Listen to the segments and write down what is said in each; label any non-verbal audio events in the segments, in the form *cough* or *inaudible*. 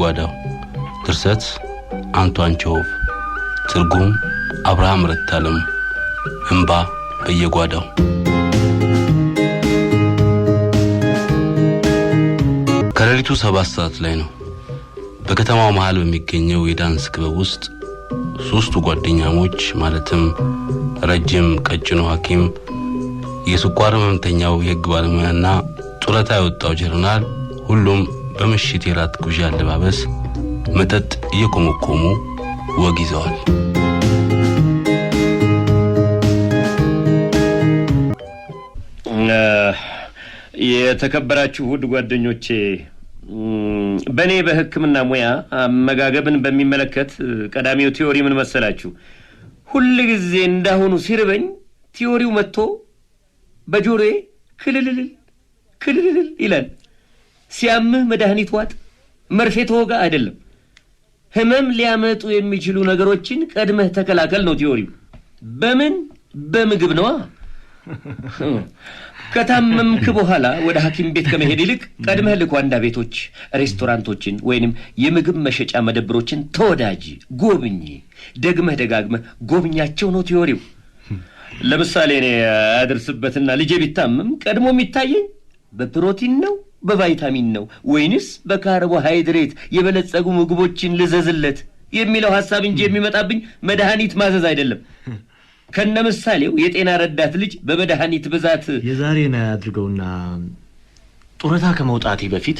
ጓዳው ድርሰት አንቷን ቼሆቭ ትርጉም አብርሃም ረታለም እንባ በየጓዳው ከሌሊቱ ሰባት ሰዓት ላይ ነው። በከተማው መሃል በሚገኘው የዳንስ ክበብ ውስጥ ሶስቱ ጓደኛሞች ማለትም ረጅም ቀጭኑ ሐኪም፣ የስኳር መምተኛው የህግ ባለሙያና ጡረታ የወጣው ጀርናል ሁሉም በምሽት የራት ጉዣ አለባበስ መጠጥ እየኮመኮሙ ወግ ይዘዋል። የተከበራችሁ ውድ ጓደኞቼ በእኔ በህክምና ሙያ አመጋገብን በሚመለከት ቀዳሚው ቲዮሪ ምን መሰላችሁ? ሁል ጊዜ እንዳሁኑ ሲርበኝ ቲዮሪው መጥቶ በጆሮዬ ክልልልል ክልልልል ይላል። ሲያምህ መድኃኒት ዋጥ፣ መርፌ ተወጋ አይደለም። ህመም ሊያመጡ የሚችሉ ነገሮችን ቀድመህ ተከላከል ነው ቲዎሪው። በምን በምግብ ነዋ። *laughs* ከታመምክ በኋላ ወደ ሐኪም ቤት ከመሄድ ይልቅ ቀድመህ ልኳንዳ ቤቶች፣ ሬስቶራንቶችን ወይንም የምግብ መሸጫ መደብሮችን ተወዳጅ፣ ጎብኝ። ደግመህ ደጋግመህ ጎብኛቸው ነው ቲዎሪው። ለምሳሌ እኔ አያደርስበትና ልጄ ቢታመም ቀድሞ የሚታየኝ በፕሮቲን ነው በቫይታሚን ነው ወይንስ በካርቦሃይድሬት የበለጸጉ ምግቦችን ልዘዝለት የሚለው ሐሳብ እንጂ የሚመጣብኝ መድኃኒት ማዘዝ አይደለም። ከነ ምሳሌው የጤና ረዳት ልጅ በመድኃኒት ብዛት የዛሬን አድርገውና ጡረታ ከመውጣቴ በፊት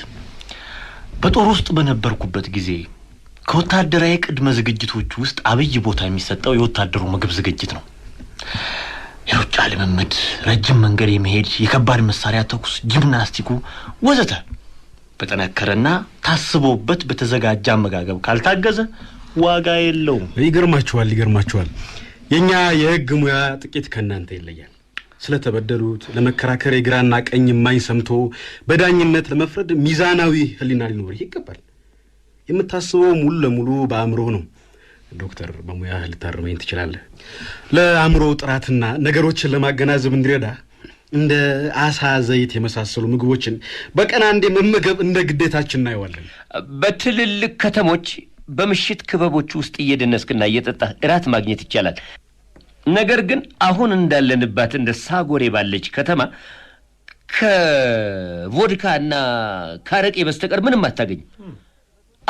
በጦር ውስጥ በነበርኩበት ጊዜ ከወታደራዊ ቅድመ ዝግጅቶች ውስጥ አብይ ቦታ የሚሰጠው የወታደሩ ምግብ ዝግጅት ነው። የሩጫ ልምምድ፣ ረጅም መንገድ የመሄድ፣ የከባድ መሳሪያ ተኩስ፣ ጂምናስቲኩ ወዘተ በጠነከረና ታስቦበት በተዘጋጀ አመጋገብ ካልታገዘ ዋጋ የለውም። ይገርማችኋል ይገርማችኋል። የእኛ የህግ ሙያ ጥቂት ከእናንተ ይለያል። ስለተበደሉት ለመከራከር የግራና ቀኝ የማኝ ሰምቶ በዳኝነት ለመፍረድ ሚዛናዊ ህሊና ሊኖርህ ይገባል። የምታስበው ሙሉ ለሙሉ በአእምሮህ ነው። ዶክተር በሙያህ ልታርመኝ ትችላለህ። ለአእምሮ ጥራትና ነገሮችን ለማገናዘብ እንዲረዳ እንደ አሳ ዘይት የመሳሰሉ ምግቦችን በቀን አንዴ መመገብ እንደ ግዴታችን እናየዋለን። በትልልቅ ከተሞች በምሽት ክበቦች ውስጥ እየደነስክና እየጠጣህ እራት ማግኘት ይቻላል። ነገር ግን አሁን እንዳለንባት እንደ ሳጎሬ ባለች ከተማ ከቮድካ እና ካረቄ በስተቀር ምንም አታገኝም።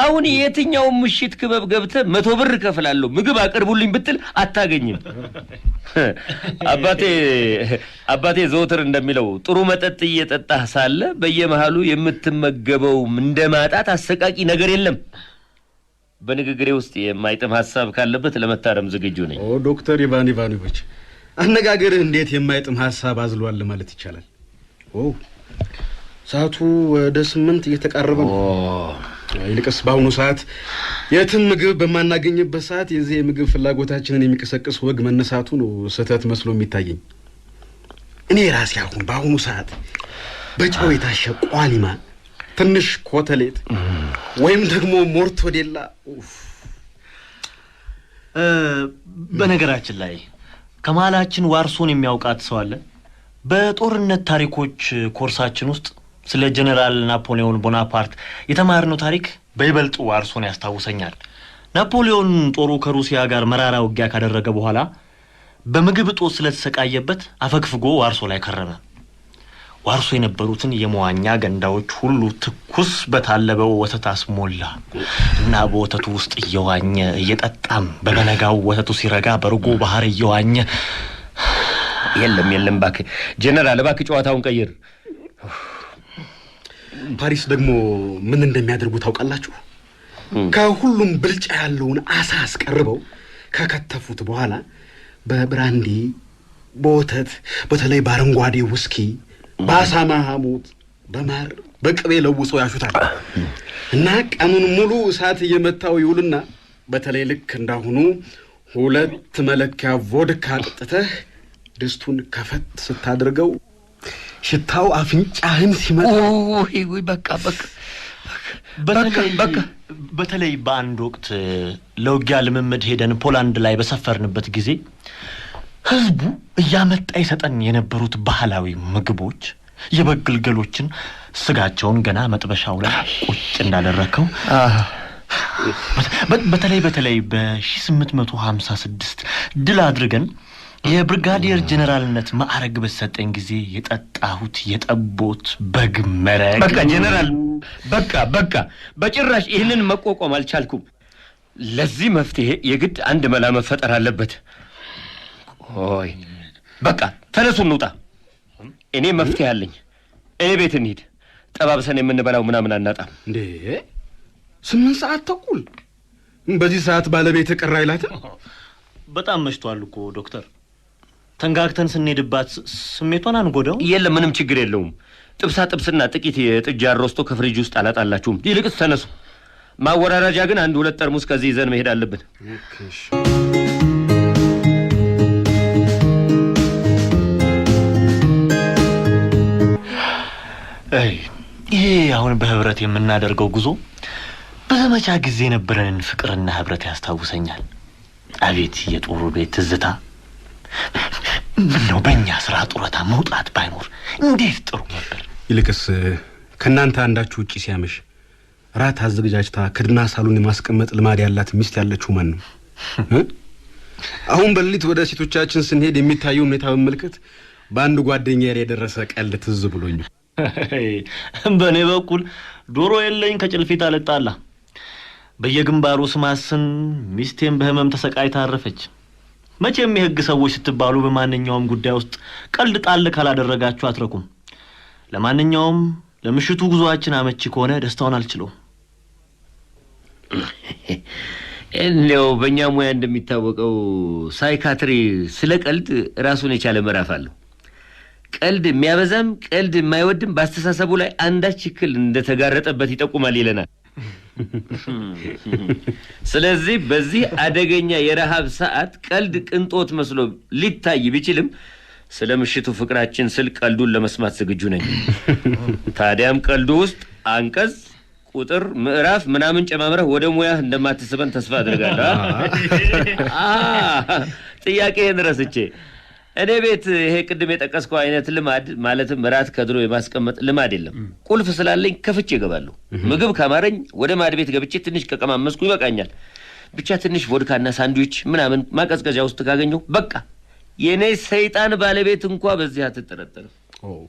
አሁን የትኛውን ምሽት ክበብ ገብተህ መቶ ብር እከፍላለሁ ምግብ አቅርቡልኝ ብትል አታገኝም። *laughs* አባቴ አባቴ ዘወትር እንደሚለው ጥሩ መጠጥ እየጠጣህ ሳለ በየመሃሉ የምትመገበው እንደማጣት አሰቃቂ ነገር የለም። በንግግሬ ውስጥ የማይጥም ሀሳብ ካለበት ለመታረም ዝግጁ ነኝ። ዶክተር ኢቫን ኢቫኖቪች አነጋገርህ እንዴት የማይጥም ሀሳብ አዝሏል ማለት ይቻላል። ሰዓቱ ወደ ስምንት እየተቃረበ ነው። ይልቅስ በአሁኑ ሰዓት የትም ምግብ በማናገኝበት ሰዓት የዚህ የምግብ ፍላጎታችንን የሚቀሰቅስ ወግ መነሳቱ ነው ስህተት መስሎ የሚታየኝ። እኔ ራሴ አሁን በአሁኑ ሰዓት በጨው የታሸ ቋሊማ፣ ትንሽ ኮተሌት ወይም ደግሞ ሞርቶዴላ። በነገራችን ላይ ከመሀላችን ዋርሶን የሚያውቃት ሰው አለ። በጦርነት ታሪኮች ኮርሳችን ውስጥ ስለ ጀኔራል ናፖሊዮን ቦናፓርት የተማርነው ታሪክ በይበልጥ ዋርሶን ያስታውሰኛል። ናፖሊዮን ጦሩ ከሩሲያ ጋር መራራ ውጊያ ካደረገ በኋላ በምግብ እጦት ስለተሰቃየበት አፈግፍጎ ዋርሶ ላይ ከረመ። ዋርሶ የነበሩትን የመዋኛ ገንዳዎች ሁሉ ትኩስ በታለበው ወተት አስሞላ እና በወተቱ ውስጥ እየዋኘ እየጠጣም በበነጋው ወተቱ ሲረጋ በርጎ ባህር እየዋኘ የለም የለም፣ እባክህ ጀነራል፣ እባክህ ጨዋታውን ቀይር። ፓሪስ ደግሞ ምን እንደሚያደርጉ ታውቃላችሁ? ከሁሉም ብልጫ ያለውን አሳ አስቀርበው ከከተፉት በኋላ በብራንዲ፣ በወተት፣ በተለይ በአረንጓዴ ውስኪ፣ በአሳማ ሐሞት፣ በማር፣ በቅቤ ለውሰው ያሹታል እና ቀኑን ሙሉ እሳት እየመታው ይውልና በተለይ ልክ እንዳሁኑ ሁለት መለኪያ ቮድካ አጥጥተህ ድስቱን ከፈት ስታድርገው ሽታው አፍንጫህን ሲመጣ ወይ በቃ በቃ በቃ በተለይ በአንድ ወቅት ለውጊያ ልምምድ ሄደን ፖላንድ ላይ በሰፈርንበት ጊዜ ህዝቡ እያመጣ ይሰጠን የነበሩት ባህላዊ ምግቦች የበግልገሎችን ስጋቸውን ገና መጥበሻው ላይ ቁጭ እንዳደረከው በተለይ በተለይ በ1856 ድል አድርገን የብርጋዴር ጀነራልነት ማዕረግ በሰጠኝ ጊዜ የጠጣሁት የጠቦት በግ መረግ። በቃ ጀነራል፣ በቃ በቃ፣ በጭራሽ ይህንን መቋቋም አልቻልኩም። ለዚህ መፍትሄ የግድ አንድ መላ መፈጠር አለበት። ቆይ በቃ ተነሱ፣ እንውጣ። እኔ መፍትሄ አለኝ። እኔ ቤት እንሂድ። ጠባብሰን የምንበላው ምናምን አናጣም። እንዴ ስምንት ሰዓት ተኩል፣ በዚህ ሰዓት ባለቤት ቀራ አይላትም? በጣም መሽቷል እኮ ዶክተር። ተንጋግተን ስንሄድባት ስሜቷን አንጎደው? የለም፣ ምንም ችግር የለውም። ጥብሳ ጥብስና ጥቂት የጥጃ ሮስቶ ከፍሪጅ ውስጥ አላጣላችሁም። ይልቅስ ተነሱ። ማወራረጃ ግን አንድ ሁለት ጠርሙስ ከዚህ ይዘን መሄድ አለብን። ይሄ አሁን በህብረት የምናደርገው ጉዞ በዘመቻ ጊዜ የነበረንን ፍቅርና ህብረት ያስታውሰኛል። አቤት የጦሩ ቤት ትዝታ! ምነው በእኛ ስራ ጡረታ መውጣት ባይኖር እንዴት ጥሩ ነበር። ይልቅስ ከእናንተ አንዳችሁ ውጪ ሲያመሽ ራት አዘገጃጅታ ከድና ሳሉን የማስቀመጥ ልማድ ያላት ሚስት ያለችው ማን ነው? አሁን በሌሊት ወደ ሴቶቻችን ስንሄድ የሚታየው ሁኔታ በመልከት በአንድ ጓደኛ የደረሰ ቀልድ ትዝ ብሎኝ፣ በእኔ በኩል ዶሮ የለኝ ከጭልፊት አልጣላ በየግንባሩ ስማስን ሚስቴን በህመም ተሰቃይታ አረፈች። መቼም የህግ ሰዎች ስትባሉ በማንኛውም ጉዳይ ውስጥ ቀልድ ጣል ካላደረጋችሁ አትረኩም። ለማንኛውም ለምሽቱ ጉዞአችን አመቺ ከሆነ ደስታውን አልችለውም። እንዲያው በእኛ ሙያ እንደሚታወቀው ሳይካትሪ ስለ ቀልድ ራሱን የቻለ ምዕራፍ አለው። ቀልድ የሚያበዛም ቀልድ የማይወድም በአስተሳሰቡ ላይ አንዳች እክል እንደተጋረጠበት ይጠቁማል ይለናል። ስለዚህ በዚህ አደገኛ የረሃብ ሰዓት ቀልድ ቅንጦት መስሎ ሊታይ ቢችልም ስለ ምሽቱ ፍቅራችን ስል ቀልዱን ለመስማት ዝግጁ ነኝ። ታዲያም ቀልዱ ውስጥ አንቀጽ፣ ቁጥር፣ ምዕራፍ ምናምን ጨማምረህ ወደ ሙያህ እንደማትስበን ተስፋ አድርጋለሁ። ጥያቄህን ረስቼ እኔ ቤት ይሄ ቅድም የጠቀስከው አይነት ልማድ ማለትም እራት ከድሮ የማስቀመጥ ልማድ የለም። ቁልፍ ስላለኝ ከፍቼ እገባለሁ። ምግብ ካማረኝ ወደ ማድ ቤት ገብቼ ትንሽ ከቀማመስኩ ይበቃኛል። ብቻ ትንሽ ቮድካና ሳንድዊች ምናምን ማቀዝቀዣ ውስጥ ካገኘሁ በቃ። የእኔ ሰይጣን ባለቤት እንኳ በዚህ አትጠረጠርም።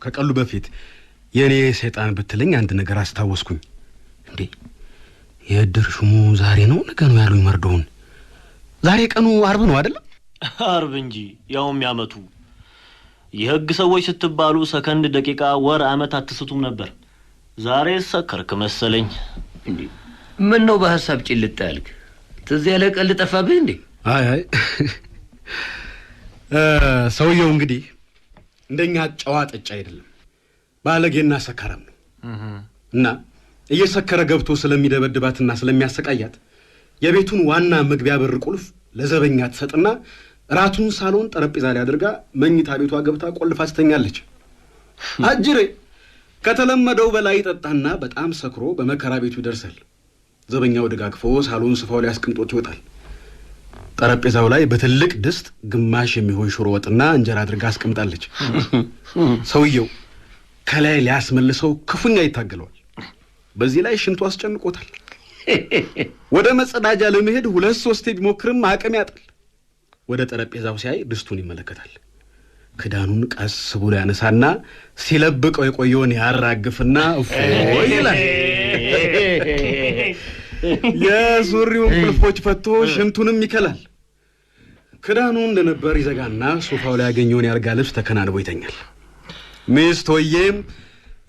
ከቀሉ በፊት የእኔ ሰይጣን ብትለኝ አንድ ነገር አስታወስኩኝ። እንዴ የእድር ሹሙ ዛሬ ነው ነገ ነው ያሉኝ መርዶውን? ዛሬ ቀኑ አርብ ነው አይደለም? አርብ እንጂ ያውም ያመቱ የህግ ሰዎች ስትባሉ ሰከንድ፣ ደቂቃ፣ ወር፣ አመት አትስቱም ነበር። ዛሬ ሰከርክ መሰለኝ። ምን ነው በሀሳብ ጭልጥ ያልክ? ትዝ ያለ ቀልድ ጠፋብህ እንዴ? አይ አይ ሰውየው እንግዲህ እንደኛ ጨዋ ጠጭ አይደለም፣ ባለጌና ሰከረም ነው። እና እየሰከረ ገብቶ ስለሚደበድባትና ስለሚያሰቃያት የቤቱን ዋና መግቢያ በር ቁልፍ ለዘበኛ ትሰጥና ራቱን ሳሎን ጠረጴዛ ላይ አድርጋ መኝታ ቤቷ ገብታ ቆልፋ ስተኛለች። አጅሬ ከተለመደው በላይ ጠጣና በጣም ሰክሮ በመከራ ቤቱ ይደርሳል። ዘበኛው ደጋግፎ ሳሎን ስፋው ላይ አስቀምጦት ይወጣል። ጠረጴዛው ላይ በትልቅ ድስት ግማሽ የሚሆን ሽሮ ወጥና እንጀራ አድርጋ አስቀምጣለች። ሰውየው ከላይ ሊያስመልሰው ክፉኛ ይታገለዋል። በዚህ ላይ ሽንቱ አስጨንቆታል። *laughs* ወደ መጸዳጃ ለመሄድ ሁለት ሶስቴ ቢሞክርም አቅም ያጣል። ወደ ጠረጴዛው ሲያይ ድስቱን ይመለከታል። ክዳኑን ቀስ ብሎ ያነሳና ሲለብቀው የቆየውን ያራግፍና እፎይ ይላል። የሱሪውን ቁልፎች ፈቶ ሽንቱንም ይከላል። ክዳኑ እንደነበር ይዘጋና ሶፋው ላይ ያገኘውን የአልጋ ልብስ ተከናንቦ ይተኛል። ሚስቶዬም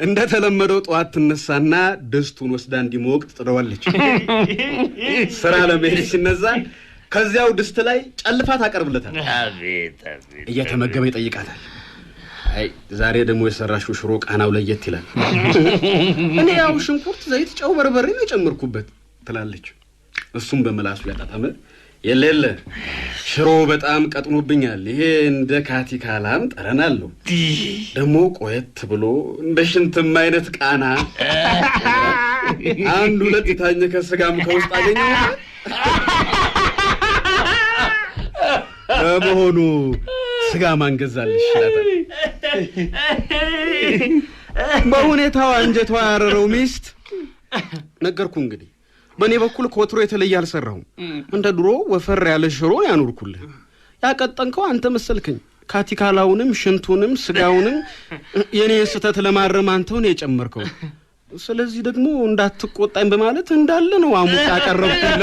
እንደተለመደው ጠዋት ትነሳና ድስቱን ወስዳ እንዲሞቅ ትጥደዋለች። ስራ ለመሄድ ሲነዛ ከዚያው ድስት ላይ ጨልፋ ታቀርብለታል። እየተመገበ ይጠይቃታል። አይ ዛሬ ደግሞ የሰራሽው ሽሮ ቃናው ለየት ይላል። *laughs* እኔ ያው ሽንኩርት፣ ዘይት፣ ጨው፣ በርበሬ ነው የጨመርኩበት ትላለች። እሱም በምላሱ ያጣጣመ የሌለ ሽሮ በጣም ቀጥኖብኛል። ይሄ እንደ ካቲካላም ጠረን አለው። ደግሞ ቆየት ብሎ እንደ ሽንትም አይነት ቃና *laughs* አንድ ሁለት የታኘከ ከስጋም ከውስጥ አገኘ። *laughs* ለመሆኑ ስጋ ማንገዛልሽ ይላታል። በሁኔታዋ አንጀቷ ያረረው ሚስት ነገርኩ እንግዲህ በእኔ በኩል ከወትሮ የተለየ አልሰራሁም። እንደ ድሮ ወፈር ያለ ሽሮ ያኑርኩልህ። ያቀጠንከው አንተ መሰልክኝ ካቲካላውንም ሽንቱንም ስጋውንም የእኔ ስህተት ለማረም አንተውን የጨመርከው። ስለዚህ ደግሞ እንዳትቆጣኝ በማለት እንዳለ ነው አሙቅ ያቀረብኩላ።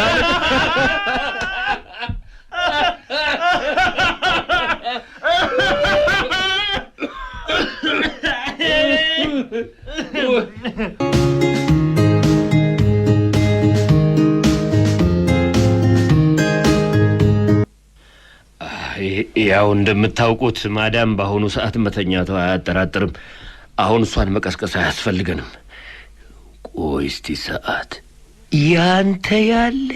ያው እንደምታውቁት ማዳም በአሁኑ ሰዓት መተኛቷ አያጠራጥርም። አሁን እሷን መቀስቀስ አያስፈልገንም። ቆይ እስቲ ሰዓት ያንተ ያለ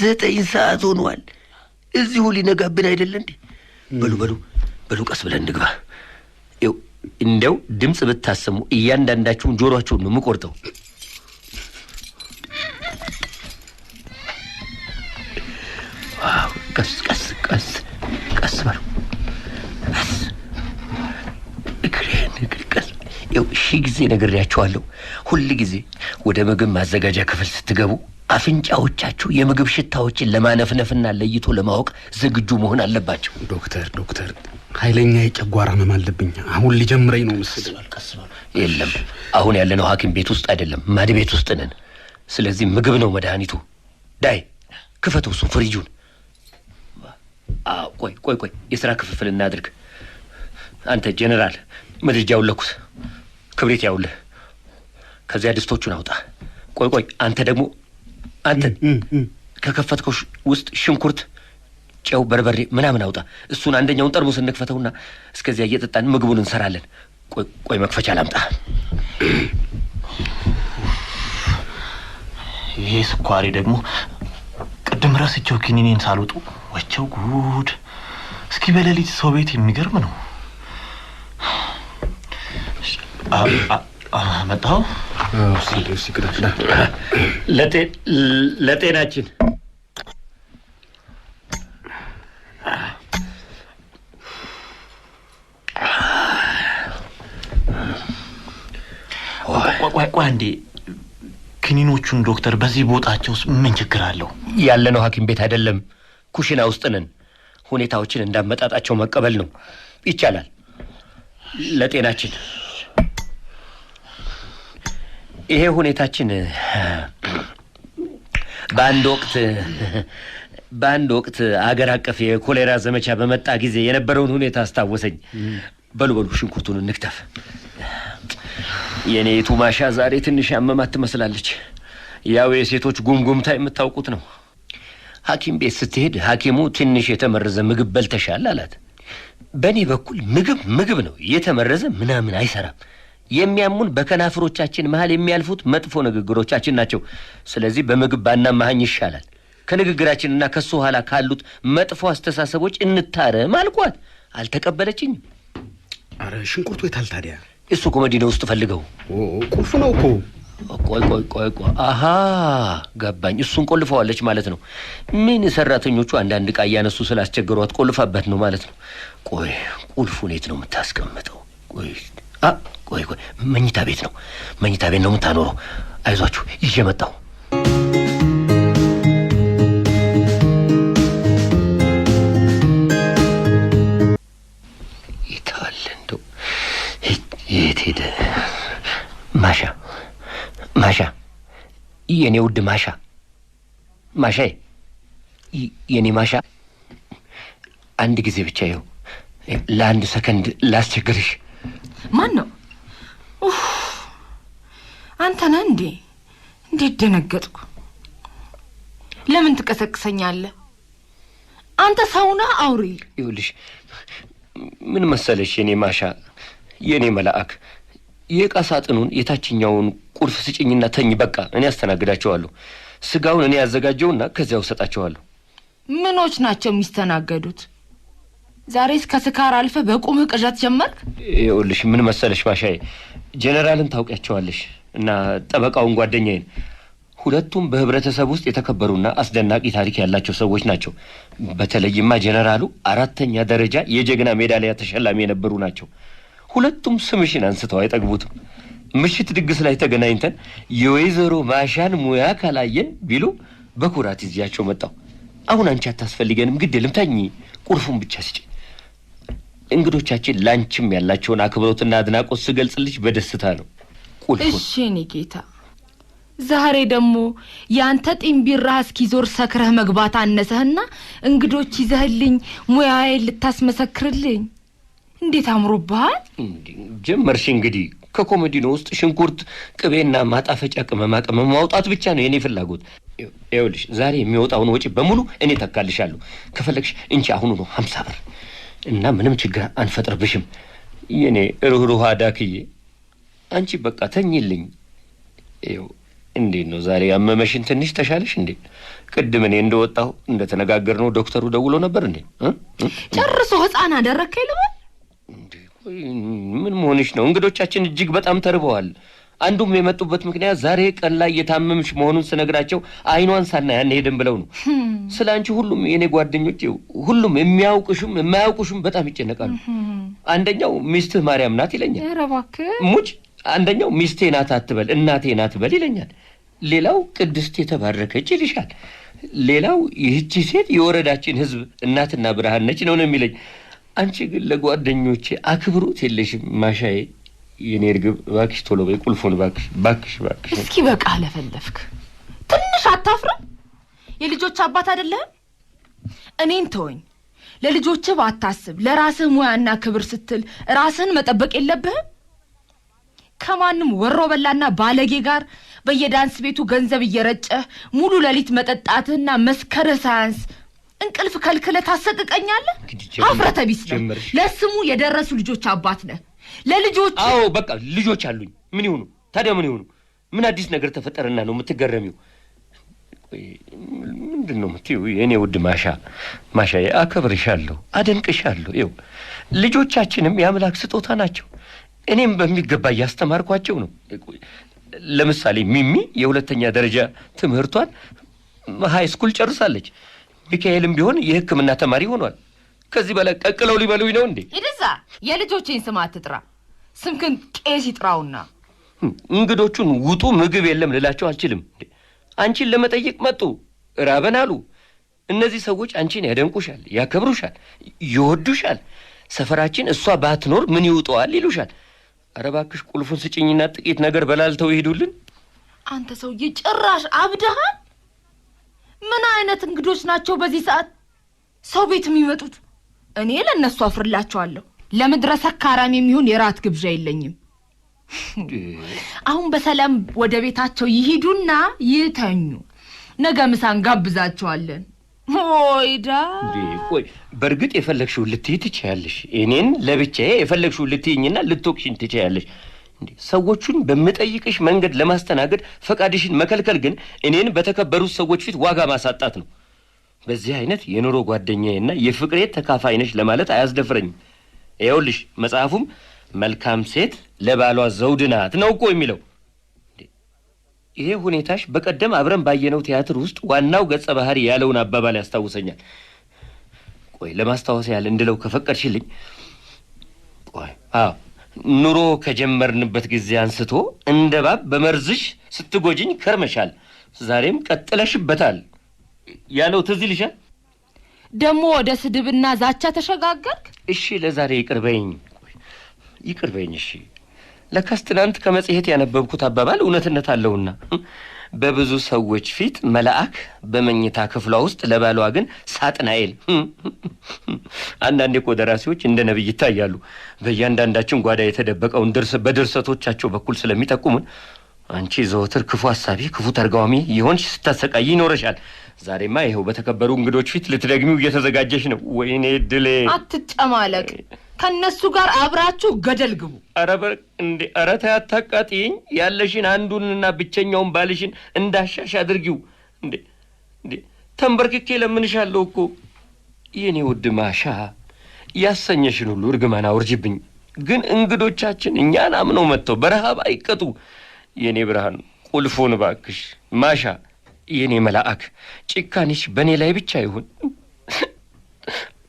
ዘጠኝ ሰዓት ሆኗል። እዚሁ ሊነጋብን አይደለ እንዴ? በሉ በሉ በሉ፣ ቀስ ብለን እንግባ። ይኸው እንደው ድምፅ ብታሰሙ እያንዳንዳችሁን ጆሮአችሁን ነው የምቆርጠው። ቀስ ቀስ ሺህ ጊዜ ነግሬያችኋለሁ። ሁል ጊዜ ወደ ምግብ ማዘጋጃ ክፍል ስትገቡ አፍንጫዎቻችሁ የምግብ ሽታዎችን ለማነፍነፍና ለይቶ ለማወቅ ዝግጁ መሆን አለባቸው። ዶክተር ዶክተር ኃይለኛ የጨጓራ ህመም አለብኝ። አሁን ሊጀምረኝ ነው ምስል። የለም አሁን ያለነው ሐኪም ቤት ውስጥ አይደለም፣ ማድ ቤት ውስጥ ነን። ስለዚህ ምግብ ነው መድኃኒቱ። ዳይ ክፈተው እሱን ፍሪጁን። ቆይ ቆይ ቆይ፣ የሥራ ክፍፍል እናድርግ። አንተ ጄኔራል፣ ምድጃውን ለኩስ። ክብሪት ያውልህ፣ ከዚያ ድስቶቹን አውጣ። ቆይ ቆይ፣ አንተ ደግሞ አንተ ከከፈትከው ውስጥ ሽንኩርት፣ ጨው፣ በርበሬ ምናምን አውጣ። እሱን አንደኛውን ጠርሙስ እንክፈተውና እስከዚያ እየጠጣን ምግቡን እንሰራለን። ቆይ ቆይ፣ መክፈቻ ላምጣ። ይሄ ስኳሪ ደግሞ ቅድም ረስቼው ኪኒኔን ሳልወጡ ወቸው ጉድ! እስኪ በሌሊት ሰው ቤት የሚገርም ነው። መጣሁ ለጤናችን አንዴ ክኒኖቹን ዶክተር በዚህ ቦታቸው ውስጥ ምን ችግር አለው? ያለነው ሐኪም ቤት አይደለም፣ ኩሽና ውስጥ ነን። ሁኔታዎችን እንዳመጣጣቸው መቀበል ነው። ይቻላል ለጤናችን ይሄ ሁኔታችን በአንድ ወቅት በአንድ ወቅት አገር አቀፍ የኮሌራ ዘመቻ በመጣ ጊዜ የነበረውን ሁኔታ አስታወሰኝ። በሉ በሉ ሽንኩርቱን እንክተፍ። የእኔ ማሻ ዛሬ ትንሽ ያመማት ትመስላለች። ያው የሴቶች ጉምጉምታ የምታውቁት ነው። ሐኪም ቤት ስትሄድ ሐኪሙ ትንሽ የተመረዘ ምግብ በልተሻል አላት። በእኔ በኩል ምግብ ምግብ ነው፣ የተመረዘ ምናምን አይሰራም የሚያሙን በከናፍሮቻችን መሃል የሚያልፉት መጥፎ ንግግሮቻችን ናቸው። ስለዚህ በምግብ ባናማኸኝ ይሻላል። ከንግግራችንና ከሱ ኋላ ካሉት መጥፎ አስተሳሰቦች እንታረም አልኳት። አልተቀበለችኝም። አረ ሽንኩርቱ የታል ታዲያ? እሱ እኮ መዲና ውስጥ ፈልገው ቁልፍ ነው እኮ። ቆይ ቆይ ቆይ ቆይ፣ አሀ ገባኝ። እሱን ቆልፈዋለች ማለት ነው። ምን ሰራተኞቹ አንዳንድ ዕቃ እያነሱ ስላስቸገሯት ቆልፋበት ነው ማለት ነው። ቆይ ቁልፉን የት ነው የምታስቀምጠው? ቆይ ቆይ ቆይ፣ መኝታ ቤት ነው መኝታ ቤት ነው የምታኖረው። አይዟችሁ ይዤ መጣሁ። ይታለ እንደው የት ሄደ? ማሻ ማሻ፣ የእኔ ውድ ማሻ፣ ማሻዬ፣ የእኔ ማሻ፣ አንድ ጊዜ ብቻ ይኸው ለአንድ ሰከንድ ላስቸግርሽ ማን ነው? አንተ ነህ እንዴ? እንዴት ደነገጥኩ። ለምን ትቀሰቅሰኛለህ? አንተ ሰውና አውሪ። ይኸውልሽ ምን መሰለሽ የኔ ማሻ፣ የኔ መላእክ፣ የእቃ ሳጥኑን የታችኛውን ቁልፍ ስጭኝና ተኝ። በቃ እኔ አስተናግዳቸዋለሁ። ስጋውን እኔ ያዘጋጀውና ከዚያው እሰጣቸዋለሁ። ምኖች ናቸው የሚስተናገዱት? ዛሬስ ከስካር አልፈ በቁም ቅዠት ጀመርክ? ይኸውልሽ ምን መሰለሽ ባሻዬ፣ ጄኔራልን ታውቂያቸዋለሽ እና ጠበቃውን ጓደኛዬን። ሁለቱም በህብረተሰብ ውስጥ የተከበሩና አስደናቂ ታሪክ ያላቸው ሰዎች ናቸው። በተለይማ ጄኔራሉ አራተኛ ደረጃ የጀግና ሜዳሊያ ተሸላሚ የነበሩ ናቸው። ሁለቱም ስምሽን አንስተው አይጠግቡትም። ምሽት ድግስ ላይ ተገናኝተን የወይዘሮ ማሻን ሙያ ካላየን ቢሉ በኩራት ይዚያቸው መጣው። አሁን አንቺ አታስፈልገንም፣ ግድ የለም ተኚ፣ ቁልፉን ብቻ ስጭ። እንግዶቻችን ላንችም ያላቸውን አክብሮትና አድናቆት ስገልጽልሽ በደስታ ነው። እሺ እኔ ጌታ፣ ዛሬ ደግሞ ያንተ ጢምቢራህ እስኪዞር ሰክረህ መግባት አነሰህና እንግዶች ይዘህልኝ ሙያዬን ልታስመሰክርልኝ እንዴት አምሮብሃል! ጀመርሽ እንግዲህ ከኮሜዲኖ ውስጥ ሽንኩርት፣ ቅቤና ማጣፈጫ ቅመማ ቅመም ማውጣት ብቻ ነው የኔ ፍላጎት። ይኸውልሽ ዛሬ የሚወጣውን ወጪ በሙሉ እኔ ተካልሻለሁ። ከፈለግሽ እንቺ አሁኑ ነው ሀምሳ ብር እና ምንም ችግር አንፈጥርብሽም። የኔ ሩህሩህ አዳክዬ አንቺ በቃ ተኝልኝ። ይኸው እንዴት ነው ዛሬ ያመመሽን? ትንሽ ተሻለሽ እንዴ? ቅድም እኔ እንደወጣሁ እንደተነጋገርነው ዶክተሩ ደውሎ ነበር እንዴ? ጨርሶ ህፃን አደረግከኝ ልበል። ምን መሆንሽ ነው? እንግዶቻችን እጅግ በጣም ተርበዋል። አንዱም የመጡበት ምክንያት ዛሬ ቀን ላይ የታመምሽ መሆኑን ስነግራቸው አይኗን ሳና ያን ሄድን ብለው ነው። ስለ አንቺ ሁሉም የእኔ ጓደኞች ሁሉም የሚያውቅሽም የማያውቁሽም በጣም ይጨነቃሉ። አንደኛው ሚስትህ ማርያም ናት ይለኛል። ኧረ እባክህ ሙጭ። አንደኛው ሚስቴ ናት አትበል እናቴ ናት በል ይለኛል። ሌላው ቅድስት የተባረከች ይልሻል። ሌላው ይህቺ ሴት የወረዳችን ሕዝብ እናትና ብርሃን ነች ነው ነው የሚለኝ። አንቺ ግን ለጓደኞቼ አክብሮት የለሽም ማሻዬ የኔ እርግብ እባክሽ ቶሎ በይ ቁልፉን፣ እባክሽ እባክሽ እባክሽ። እስኪ በቃ ለፈለፍክ ትንሽ አታፍርም? የልጆች አባት አይደለህም? እኔን ተወኝ። ለልጆችህ ባታስብ ለራስህ ሙያና ክብር ስትል ራስህን መጠበቅ የለብህም? ከማንም ወሮ በላና ባለጌ ጋር በየዳንስ ቤቱ ገንዘብ እየረጨህ ሙሉ ሌሊት መጠጣትህና መስከረህ ሳያንስ እንቅልፍ ከልክለ ታሰቅቀኛለህ። አፍረተ ቢስ ነህ። ለስሙ የደረሱ ልጆች አባት ነህ። ለልጆች አዎ፣ በቃ ልጆች አሉኝ። ምን ይሁኑ ታዲያ? ምን ይሁኑ? ምን አዲስ ነገር ተፈጠረና ነው የምትገረሚው? ምንድን ነው የምትይው? የእኔ ውድ ማሻ ማሻ፣ አከብርሻለሁ፣ አደንቅሻለሁ። ይኸው ልጆቻችንም የአምላክ ስጦታ ናቸው። እኔም በሚገባ እያስተማርኳቸው ነው። ለምሳሌ ሚሚ የሁለተኛ ደረጃ ትምህርቷን ሀይ ስኩል ጨርሳለች። ሚካኤልም ቢሆን የሕክምና ተማሪ ሆኗል። ከዚህ በላይ ቀቅለው ሊበሉኝ ነው እንዴ? ይድዛ የልጆቼን ስም አትጥራ። ስምክን ቄስ ይጥራውና እንግዶቹን ውጡ፣ ምግብ የለም ልላቸው አልችልም። አንቺን ለመጠየቅ መጡ፣ ራበን አሉ። እነዚህ ሰዎች አንቺን ያደንቁሻል፣ ያከብሩሻል፣ ይወዱሻል። ሰፈራችን እሷ ባትኖር ምን ይውጠዋል ይሉሻል። ኧረ እባክሽ ቁልፉን ስጭኝና ጥቂት ነገር በላልተው ይሄዱልን። አንተ ሰውዬ ጭራሽ አብደሃል። ምን አይነት እንግዶች ናቸው በዚህ ሰዓት ሰው ቤት የሚመጡት? እኔ ለእነሱ አፍርላቸዋለሁ። ለምድረ ሰካራም የሚሆን የራት ግብዣ የለኝም። አሁን በሰላም ወደ ቤታቸው ይሂዱና ይተኙ። ነገ ምሳን ጋብዛቸዋለን። ኦይዳ ቆይ፣ በእርግጥ የፈለግሽውን ልትይ ትችያለሽ። እኔን ለብቻዬ የፈለግሽውን ልትይኝና ልትወቅሽኝ ትችያለሽ። ሰዎቹን በምጠይቅሽ መንገድ ለማስተናገድ ፈቃድሽን መከልከል ግን እኔን በተከበሩት ሰዎች ፊት ዋጋ ማሳጣት ነው። በዚህ አይነት የኑሮ ጓደኛዬና የፍቅሬ ተካፋይ ነሽ ለማለት አያስደፍረኝም። ይኸውልሽ መጽሐፉም መልካም ሴት ለባሏ ዘውድ ናት ነው እኮ የሚለው። ይሄ ሁኔታሽ በቀደም አብረን ባየነው ቲያትር ውስጥ ዋናው ገጸ ባህሪ ያለውን አባባል ያስታውሰኛል። ቆይ ለማስታወስ ያህል እንድለው ከፈቀድሽልኝ፣ ቆይ አዎ ኑሮ ከጀመርንበት ጊዜ አንስቶ እንደ ባብ በመርዝሽ ስትጎጅኝ ከርመሻል። ዛሬም ቀጥለሽበታል። ያለው ትዝ ይልሻል። ደግሞ ወደ ስድብና ዛቻ ተሸጋገርክ። እሺ ለዛሬ ይቅርበኝ ይቅርበኝ። እሺ ለካስ ትናንት ከመጽሔት ያነበብኩት አባባል እውነትነት አለውና በብዙ ሰዎች ፊት መልአክ በመኝታ ክፍሏ ውስጥ ለባሏ ግን ሳጥናኤል። አንዳንዴ እኮ ደራሲዎች እንደ ነቢይ ይታያሉ። በእያንዳንዳችን ጓዳ የተደበቀውን በድርሰቶቻቸው በኩል ስለሚጠቁሙን አንቺ ዘወትር ክፉ አሳቢ፣ ክፉ ተርጓሚ የሆንሽ ስታሰቃይ ይኖረሻል። ዛሬማ ይኸው በተከበሩ እንግዶች ፊት ልትደግሚው እየተዘጋጀሽ ነው። ወይኔ ድሌ! አትጨማለቅ፣ ከእነሱ ጋር አብራችሁ ገደል ግቡ። ኧረ እንደ አረተ አታቃጥይኝ። ያለሽን አንዱንና ብቸኛውን ባልሽን እንዳሻሽ አድርጊው። እንዴ እንዴ! ተንበርክኬ ለምንሻለሁ እኮ የኔ ውድ ማሻ፣ ያሰኘሽን ሁሉ እርግማን አውርጅብኝ። ግን እንግዶቻችን እኛን አምነው መጥተው በረሃብ አይቀጡ። የእኔ ብርሃን ቁልፉን ባክሽ ማሻ፣ የእኔ መላአክ ጭካኔሽ በእኔ ላይ ብቻ ይሁን።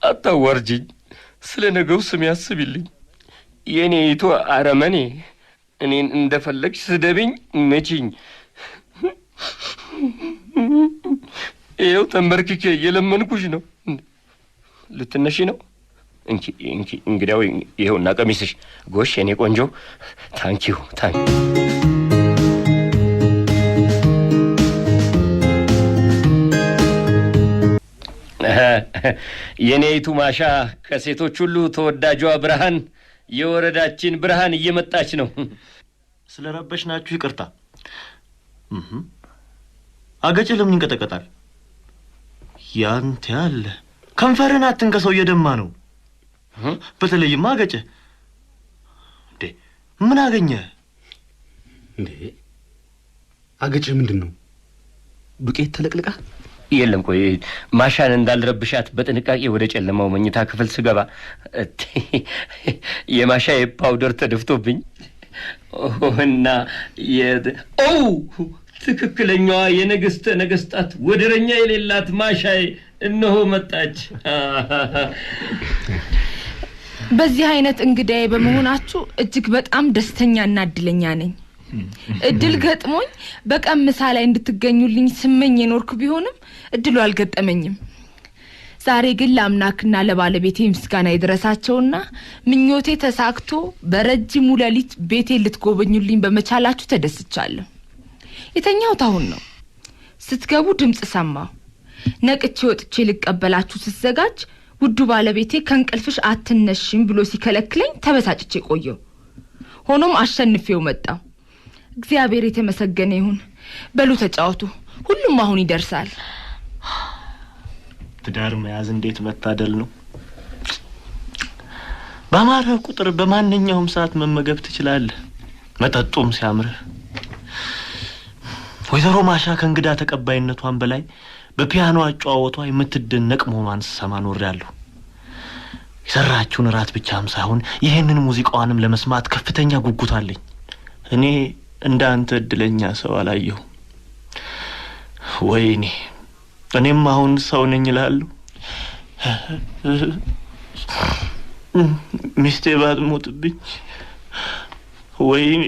አታዋርጅኝ። ስለ ነገው ስም ያስብልኝ። የእኔ ይቶ አረመኔ፣ እኔን እንደፈለግሽ ስደብኝ፣ መችኝ። ይኸው ተንበርክኬ የለመንኩሽ ነው። ልትነሺ ነው? እንግዲያው ይኸውና ቀሚስሽ። ጎሽ የእኔ ቆንጆ ታንኪው ታንኪ የኔይቱ ማሻ ከሴቶች ሁሉ ተወዳጇ ብርሃን፣ የወረዳችን ብርሃን እየመጣች ነው። ስለ ረበሽ ናችሁ ይቅርታ። አገጭ ለምን ይንቀጠቀጣል? ያንተ ያለ ከንፈርን አትንከሰው፣ እየደማ ነው። በተለይማ አገጭ እንዴ! ምን አገኘ? እንዴ? አገጭ ምንድን ነው? ዱቄት ተለቅልቃ የለም ቆይ ማሻን እንዳልረብሻት በጥንቃቄ ወደ ጨለማው መኝታ ክፍል ስገባ የማሻ የፓውደር ተደፍቶብኝ እና ኦው ትክክለኛዋ የነገስተ ነገሥታት ወደረኛ የሌላት ማሻይ እነሆ መጣች። በዚህ አይነት እንግዳዬ በመሆናችሁ እጅግ በጣም ደስተኛ እና እድለኛ ነኝ። እድል ገጥሞኝ በቀን ምሳ ላይ እንድትገኙልኝ ስመኝ የኖርኩ ቢሆንም እድሉ አልገጠመኝም። ዛሬ ግን ለአምላክና ለባለቤቴ ምስጋና የደረሳቸውና ምኞቴ ተሳክቶ በረጅሙ ሌሊት ቤቴ ልትጎበኙልኝ በመቻላችሁ ተደስቻለሁ። የተኛሁት አሁን ነው። ስትገቡ ድምፅ ሰማሁ። ነቅቼ ወጥቼ ልቀበላችሁ ስዘጋጅ ውዱ ባለቤቴ ከእንቅልፍሽ አትነሽም ብሎ ሲከለክለኝ ተበሳጭቼ ቆየሁ። ሆኖም አሸንፌው መጣሁ። እግዚአብሔር የተመሰገነ ይሁን። በሉ ተጫወቱ፣ ሁሉም አሁን ይደርሳል። ትዳር መያዝ እንዴት መታደል ነው! በአማረህ ቁጥር በማንኛውም ሰዓት መመገብ ትችላለህ፣ መጠጡም ሲያምርህ። ወይዘሮ ማሻ ከእንግዳ ተቀባይነቷን በላይ በፒያኖ አጨዋወቷ የምትደነቅ መሆኗን ስሰማ ኖሬያለሁ። የሰራችውን እራት ብቻም ሳይሆን ይህንን ሙዚቃዋንም ለመስማት ከፍተኛ ጉጉት አለኝ እኔ እንደ አንተ እድለኛ ሰው አላየሁ። ወይኔ እኔም አሁን ሰው ነኝ እላለሁ። ሚስቴ ባትሞትብኝ። ወይኔ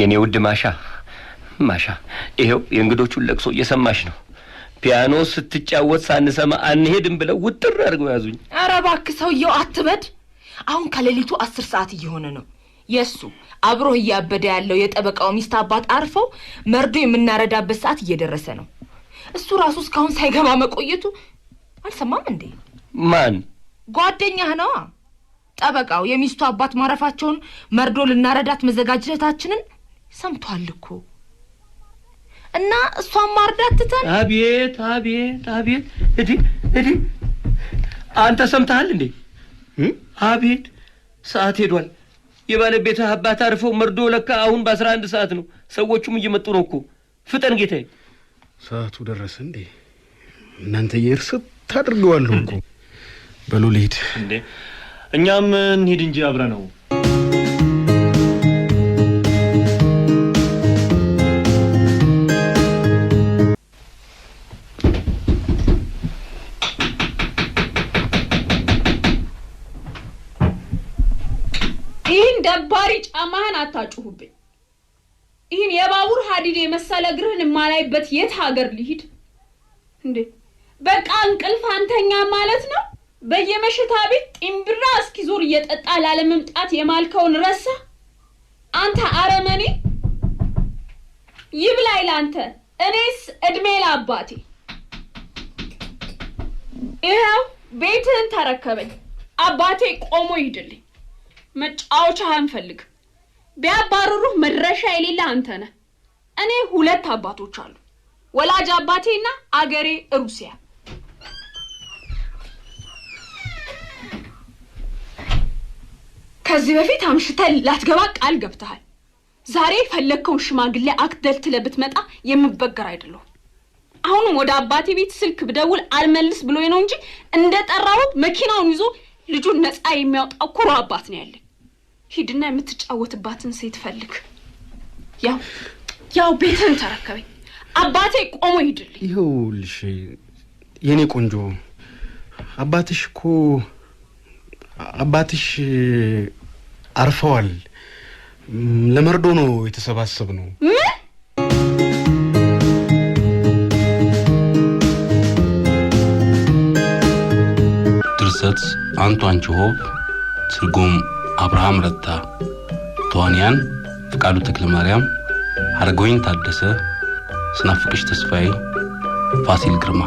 የኔ ውድ ማሻ ማሻ፣ ይኸው የእንግዶቹን ለቅሶ እየሰማሽ ነው። ፒያኖ ስትጫወት ሳንሰማ አንሄድም ብለው ውጥር አድርገው ያዙኝ። አረ እባክህ ሰውየው አትበድ። አሁን ከሌሊቱ አስር ሰዓት እየሆነ ነው። የእሱ አብሮህ እያበደ ያለው የጠበቃው ሚስት አባት አርፈው መርዶ የምናረዳበት ሰዓት እየደረሰ ነው። እሱ ራሱ እስካሁን ሳይገባ መቆየቱ አልሰማም እንዴ? ማን? ጓደኛህ ነዋ። ጠበቃው የሚስቱ አባት ማረፋቸውን መርዶ ልናረዳት መዘጋጀታችንን ሰምቷል እኮ። እና እሷን ማርዳት ትተን አቤት አቤት አቤት እዲ እዲ አንተ ሰምተሃል እንዴ? አቤት ሰዓት ሄዷል። የባለቤትህ አባት አርፈው መርዶ ለካ አሁን በአስራ አንድ ሰዓት ነው። ሰዎቹም እየመጡ ነው እኮ ፍጠን ጌታዬ። ሰዓቱ ደረሰ እንዴ? እናንተ የእርስ ታድርገዋለሁ እኮ በሉ ልሂድ። እንዴ እኛም እንሂድ እንጂ አብረ ነው ደባሪ ጫማህን አታጩሁብኝ። ይህን የባቡር ሀዲድ የመሰለ እግርህን የማላይበት የት ሀገር ሊሂድ እንዴ? በቃ እንቅልፍ አንተኛ ማለት ነው። በየመሸታ ቤት ጢምብራ እስኪ እየጠጣ ላለመምጣት የማልከውን ረሳ። አንተ አረመኔ ይብላይ ላንተ። እኔስ እድሜ ለአባቴ። ይኸው ቤትህን ተረከበኝ አባቴ። ቆሞ ይድልኝ መጫወቻ አንፈልግ። ቢያባረሩህ መድረሻ የሌለ አንተ ነህ። እኔ ሁለት አባቶች አሉ፣ ወላጅ አባቴና አገሬ ሩሲያ። ከዚህ በፊት አምሽተ ላትገባ ቃል ገብተሃል። ዛሬ ፈለግከውን ሽማግሌ አክደል ብትመጣ የምበገር አይደለሁም። አሁንም ወደ አባቴ ቤት ስልክ ብደውል አልመልስ ብሎ ነው እንጂ እንደ ጠራሁት መኪናውን ይዞ ልጁን ነፃ የሚያወጣው ኩሮ አባት ነው ያለኝ። ሂድና የምትጫወትባትን ሴት ፈልግ። ያው ያው ቤትን ተረከበኝ አባቴ ቆሞ ሂድልኝ። ይኸውልሽ የእኔ ቆንጆ አባትሽ እኮ አባትሽ አርፈዋል። ለመርዶ ነው የተሰባሰብ ነው። ድርሰት አንቷን ችሆብ ትርጉም አብርሃም ረታ፣ ተዋንያን ፍቃዱ ተክለ ማርያም፣ አርጎይን ታደሰ፣ ስናፍቅሽ ተስፋዬ፣ ፋሲል ግርማ